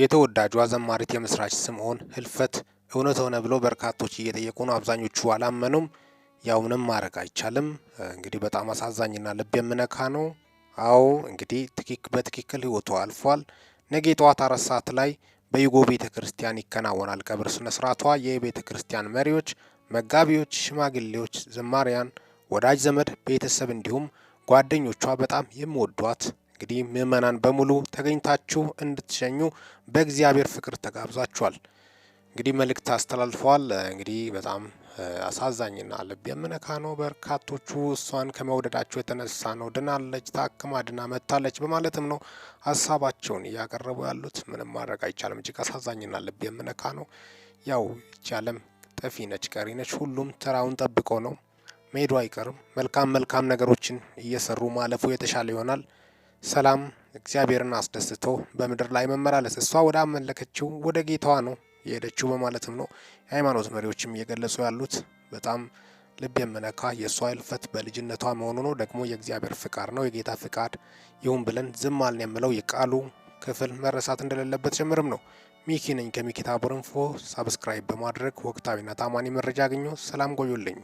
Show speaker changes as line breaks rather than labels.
የተወዳጇ ዘማሪት የምስራች ስምኦን ህልፈት እውነት ሆነ ብሎ በርካቶች እየጠየቁ ነው። አብዛኞቹ አላመኑም። ያው ምንም ማድረግ አይቻልም። እንግዲህ በጣም አሳዛኝና ልብ የምነካ ነው። አዎ እንግዲህ ትክክ በትክክል ህይወቷ አልፏል። ነገ ጠዋት አራት ሰዓት ላይ በዩጎ ቤተ ክርስቲያን ይከናወናል ቀብር ስነ ስርዓቷ። የቤተ ክርስቲያን መሪዎች፣ መጋቢዎች፣ ሽማግሌዎች፣ ዘማሪያን፣ ወዳጅ ዘመድ፣ ቤተሰብ እንዲሁም ጓደኞቿ በጣም የምወዷት እንግዲህ ምእመናን በሙሉ ተገኝታችሁ እንድትሸኙ በእግዚአብሔር ፍቅር ተጋብዛችኋል። እንግዲህ መልእክት አስተላልፈዋል። እንግዲህ በጣም አሳዛኝና ልብ የምነካ ነው። በርካቶቹ እሷን ከመውደዳቸው የተነሳ ነው ድናለች፣ ታክማ ድና መታለች በማለትም ነው ሀሳባቸውን እያቀረቡ ያሉት። ምንም ማድረግ አይቻልም። እጅግ አሳዛኝና ልብ የምነካ ነው። ያው ይቻለም ጠፊ ነች፣ ቀሪ ነች። ሁሉም ተራውን ጠብቆ ነው መሄዱ አይቀርም። መልካም መልካም ነገሮችን እየሰሩ ማለፉ የተሻለ ይሆናል። ሰላም እግዚአብሔርን አስደስቶ በምድር ላይ መመላለስ እሷ ወደ አመለከችው ወደ ጌታዋ ነው የሄደችው በማለትም ነው የሃይማኖት መሪዎችም እየገለጹ ያሉት። በጣም ልብ የምነካ የእሷ ህልፈት በልጅነቷ መሆኑ ነው። ደግሞ የእግዚአብሔር ፍቃድ ነው፣ የጌታ ፍቃድ ይሁን ብለን ዝም አልን የምለው የቃሉ ክፍል መረሳት እንደሌለበት ጭምርም ነው። ሚኪ ነኝ ከሚኪ ሳብስክራይብ በማድረግ ወቅታዊና ታማኒ መረጃ አግኙ። ሰላም ቆዩልኝ።